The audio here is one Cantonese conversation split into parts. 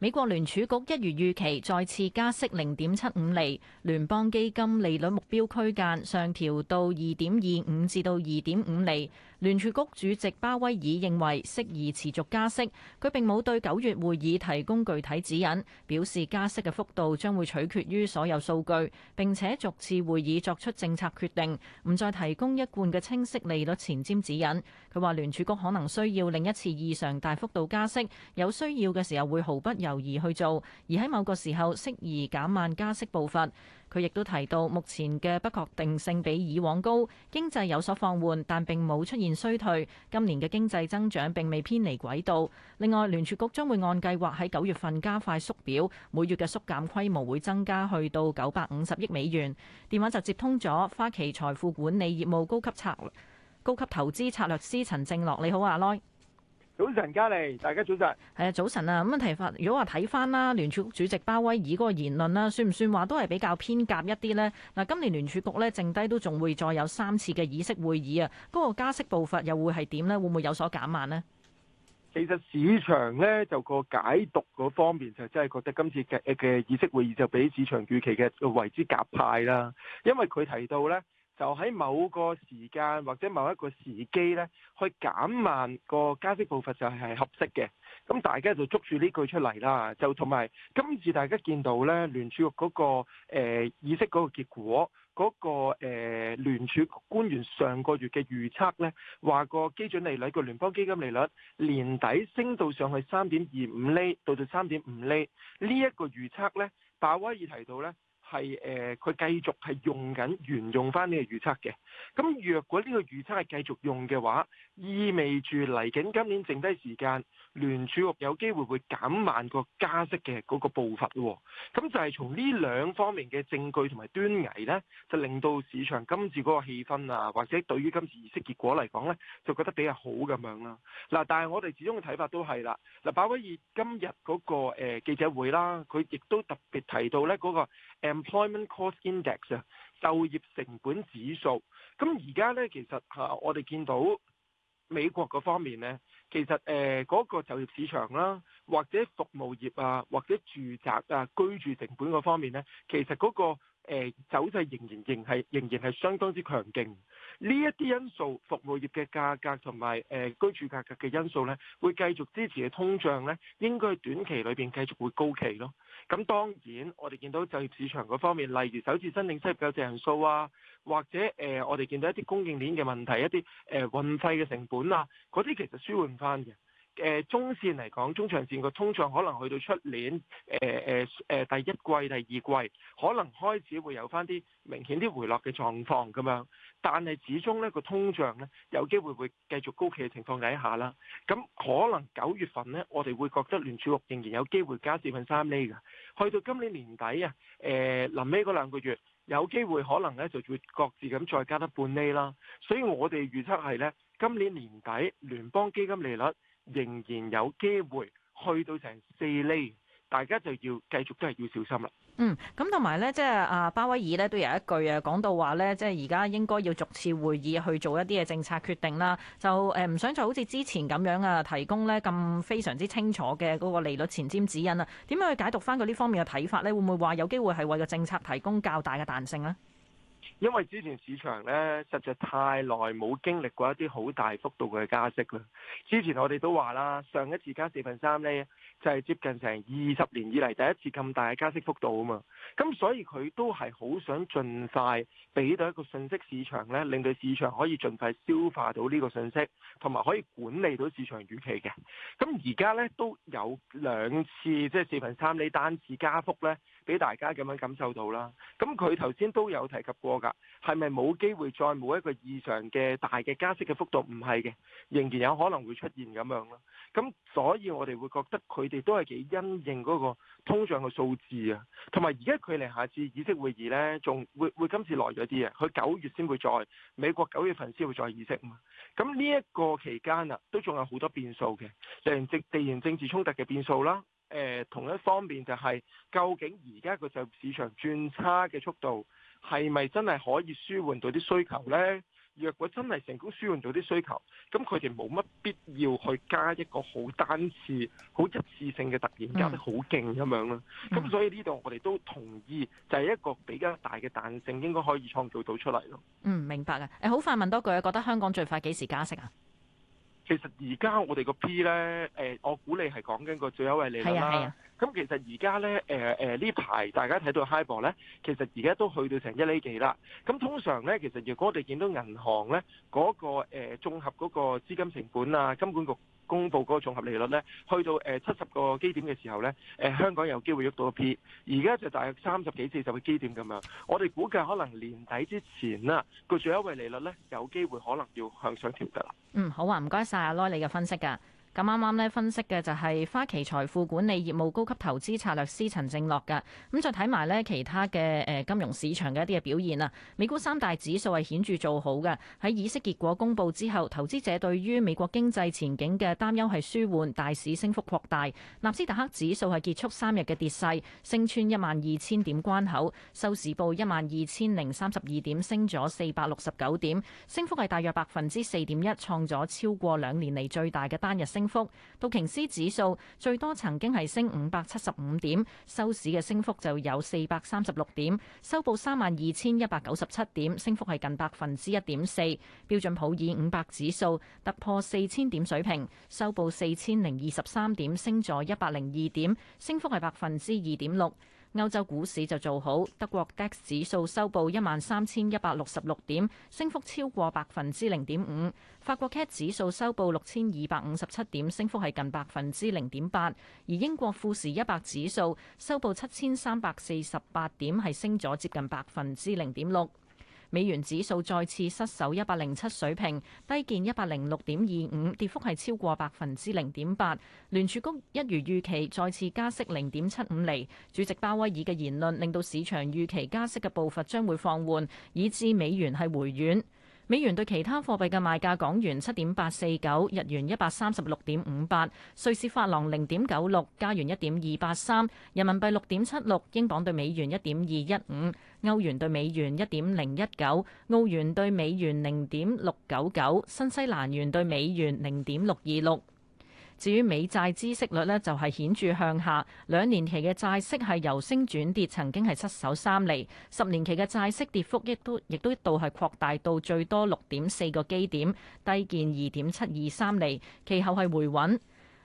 美國聯儲局一如預期再次加息0.75厘，聯邦基金利率目標區間上調到2.25至到2.5厘。聯儲局主席鮑威爾認為適宜持續加息，佢並冇對九月會議提供具體指引，表示加息嘅幅度將會取決於所有數據，並且逐次會議作出政策決定，唔再提供一貫嘅清晰利率前瞻指引。佢話聯儲局可能需要另一次異常大幅度加息，有需要嘅時候會毫不。猶豫去做，而喺某個時候適宜減慢加息步伐。佢亦都提到，目前嘅不確定性比以往高，經濟有所放緩，但並冇出現衰退。今年嘅經濟增長並未偏離軌道。另外，聯儲局將會按計劃喺九月份加快縮表，每月嘅縮減規模會增加去到九百五十億美元。電話就接通咗花旗財富管理業務高級策高級投資策略師陳正樂，你好，阿來。早晨，嘉莉，大家早晨。係啊，早晨啊。咁啊，提法，如果話睇翻啦，聯儲局主席鮑威爾嗰個言論啦，算唔算話都係比較偏鴿一啲咧？嗱，今年聯儲局咧，剩低都仲會再有三次嘅議息會議啊，嗰個加息步伐又會係點咧？會唔會有所減慢咧？其實市場咧就個解讀嗰方面就真係覺得今次嘅嘅議息會議就比市場預期嘅為之鴿派啦，因為佢提到咧。就喺某個時間或者某一個時機呢，去減慢個加息步伐就係合適嘅。咁大家就捉住呢句出嚟啦。就同埋今次大家見到呢聯儲局嗰個、呃、議息嗰個結果，嗰、嗰個誒聯儲官員上個月嘅預測呢，話個基準利率個聯邦基金利率年底升到上去三點二五厘到到三點五厘，呢一、這個預測呢，鮑威爾提到呢。係誒，佢繼、呃、續係用緊，沿用翻呢個預測嘅。咁若果呢個預測係繼續用嘅話，意味住嚟緊今年剩低時間，聯儲局有機會會減慢個加息嘅嗰個步伐喎。咁就係從呢兩方面嘅證據同埋端倪呢，就令到市場今次嗰個氣氛啊，或者對於今次議息結果嚟講呢，就覺得比較好咁樣啦。嗱，但係我哋始終嘅睇法都係啦，嗱，鮑威爾今日嗰、那個誒、呃、記者會啦，佢亦都特別提到呢、那、嗰個、呃 employment cost index 啊，就業成本指數。咁而家呢，其實吓我哋見到美國嗰方面呢，其實誒嗰個就業市場啦，或者服務業啊，或者住宅啊居住成本嗰方面呢，其實嗰個。誒走勢仍然仍係仍然係相當之強勁，呢一啲因素、服務業嘅價格同埋誒居住價格嘅因素咧，會繼續支持嘅通脹咧，應該短期裏邊繼續會高企咯。咁當然，我哋見到就業市場嗰方面，例如首次申請失業救濟人數啊，或者誒、呃、我哋見到一啲供應鏈嘅問題、一啲誒、呃、運費嘅成本啊，嗰啲其實舒緩翻嘅。誒中線嚟講，中長線個通脹可能去到出年誒誒誒第一季、第二季，可能開始會有翻啲明顯啲回落嘅狀況咁樣。但係始終呢個通脹呢，有機會會繼續高企嘅情況底下啦。咁可能九月份呢，我哋會覺得聯儲局仍然有機會加四分三厘㗎。去到今年年底啊，誒臨尾嗰兩個月有機會可能呢就會各自咁再加得半厘啦。所以我哋預測係呢，今年年底聯邦基金利率，仍然有機會去到成四厘，大家就要繼續都係要小心啦。嗯，咁同埋咧，即係啊鮑威爾咧都有一句啊，講到話咧，即係而家應該要逐次會議去做一啲嘅政策決定啦。就誒唔想再好似之前咁樣啊，提供咧咁非常之清楚嘅嗰個利率前瞻指引啦。點樣去解讀翻佢呢方面嘅睇法咧？會唔會話有機會係為個政策提供較大嘅彈性呢？因為之前市場咧實在太耐冇經歷過一啲好大幅度嘅加息啦。之前我哋都話啦，上一次加四分三厘，就係接近成二十年以嚟第一次咁大嘅加息幅度啊嘛。咁所以佢都係好想盡快俾到一個信息市場咧，令到市場可以盡快消化到呢個信息，同埋可以管理到市場預期嘅。咁而家咧都有兩次即係四分三厘單次加幅咧，俾大家咁樣感受到啦。咁佢頭先都有提及過。係咪冇機會再冇一個異常嘅大嘅加息嘅幅度？唔係嘅，仍然有可能會出現咁樣咯。咁所以我哋會覺得佢哋都係幾因應嗰個通脹嘅數字啊。同埋而家距離下次議息會議呢，仲會會今次耐咗啲啊。佢九月先會再美國九月份先會再議息啊嘛。咁呢一個期間啊，都仲有好多變數嘅地政地緣政治衝突嘅變數啦。誒，同一方面就係究竟而家個就市場轉差嘅速度。係咪真係可以舒緩到啲需求呢？若果真係成功舒緩到啲需求，咁佢哋冇乜必要去加一個好單次、好一次性嘅突然加得好勁咁樣啦。咁所以呢度我哋都同意，就係一個比較大嘅彈性，應該可以創造到出嚟咯。嗯，明白嘅。好快問多句啊，覺得香港最快幾時加息啊？其實而家我哋個 P 呢，誒我估你係講緊個最優惠利率啦。咁其實而家呢，誒誒呢排大家睇到 HIBOR 咧，其實而家都去到成一厘幾啦。咁通常呢，其實如果我哋見到銀行呢，嗰、那個誒、呃、綜合嗰個資金成本啊，金管局，公布嗰個綜合利率咧，去到誒七十個基點嘅時候咧，誒香港有機會喐到個 P。而家就大約三十幾、四十個基點咁樣，我哋估計可能年底之前啦，個最優惠利率咧有機會可能要向上調得啦。嗯，好啊，唔該晒阿 Lo，你嘅分析㗎。咁啱啱咧分析，嘅就係花旗財富管理業務高級投資策略師陳正樂嘅。咁再睇埋咧其他嘅，誒、呃、金融市場嘅一啲嘅表現啊，美股三大指數係顯著做好嘅。喺議息結果公布之後，投資者對於美國經濟前景嘅擔憂係舒緩，大市升幅擴大。納斯達克指數係結束三日嘅跌勢，升穿一萬二千點關口，收市報一萬二千零三十二點，升咗四百六十九點，升幅係大約百分之四點一，創咗超過兩年嚟最大嘅單日升幅。道瓊斯指數最多曾經係升五百七十五點，收市嘅升幅就有四百三十六點，收報三萬二千一百九十七點，升幅係近百分之一點四。標準普爾五百指數突破四千點水平，收報四千零二十三點，升咗一百零二點，升幅係百分之二點六。歐洲股市就做好，德國 DAX 指數收報一萬三千一百六十六點，升幅超過百分之零點五；法國 CAC 指數收報六千二百五十七點，升幅係近百分之零點八；而英國富時一百指數收報七千三百四十八點，係升咗接近百分之零點六。美元指數再次失守一百零七水平，低見一百零六點二五，跌幅係超過百分之零點八。聯儲局一如預期，再次加息零點七五厘。主席鮑威爾嘅言論令到市場預期加息嘅步伐將會放緩，以致美元係回軟。美元對其他貨幣嘅賣價：港元七點八四九，日元一百三十六點五八，瑞士法郎零點九六，加元一點二八三，人民幣六點七六，英鎊對美元一點二一五，歐元對美元一點零一九，澳元對美元零點六九九，新西蘭元對美元零點六二六。至於美債知息率孳呢就係顯著向下。兩年期嘅債息係由升轉跌，曾經係失守三厘；十年期嘅債息跌幅亦都亦都一度係擴大到最多六點四個基點，低見二點七二三厘。其後係回穩。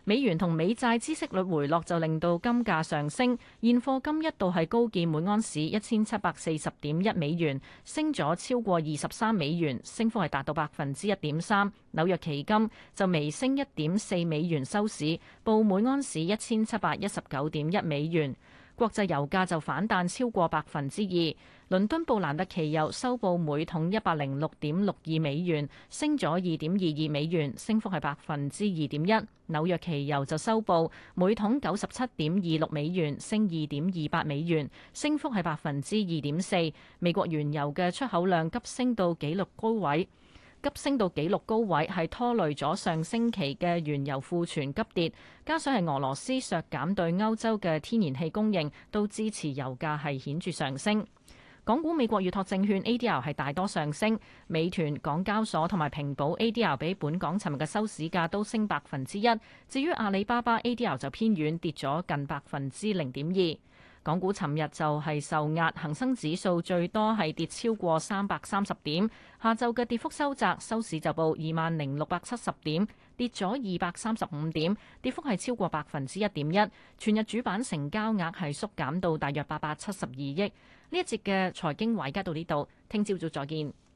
美元同美債孳息率回落就令到金價上升，現貨金一度係高見每安士一千七百四十點一美元，升咗超過二十三美元，升幅係達到百分之一點三。紐約期金就微升一點四美元收市，報每安士一千七百一十九點一美元。國際油價就反彈超過百分之二，倫敦布蘭特期油收報每桶一百零六點六二美元，升咗二點二二美元，升幅係百分之二點一。紐約期油就收報每桶九十七點二六美元，升二點二八美元，升幅係百分之二點四。美國原油嘅出口量急升到紀錄高位。急升到紀錄高位，係拖累咗上星期嘅原油庫存急跌，加上係俄羅斯削減對歐洲嘅天然氣供應，都支持油價係顯著上升。港股美國預託證券 A D L 係大多上升，美團、港交所同埋平保 A D L 比本港尋日嘅收市價都升百分之一。至於阿里巴巴 A D L 就偏遠跌咗近百分之零點二。港股尋日就係受壓，恒生指數最多係跌超過三百三十點。下晝嘅跌幅收窄，收市就報二萬零六百七十點，跌咗二百三十五點，跌幅係超過百分之一點一。全日主板成交額係縮減到大約八百七十二億。呢一節嘅財經華爾街到呢度，聽朝早再見。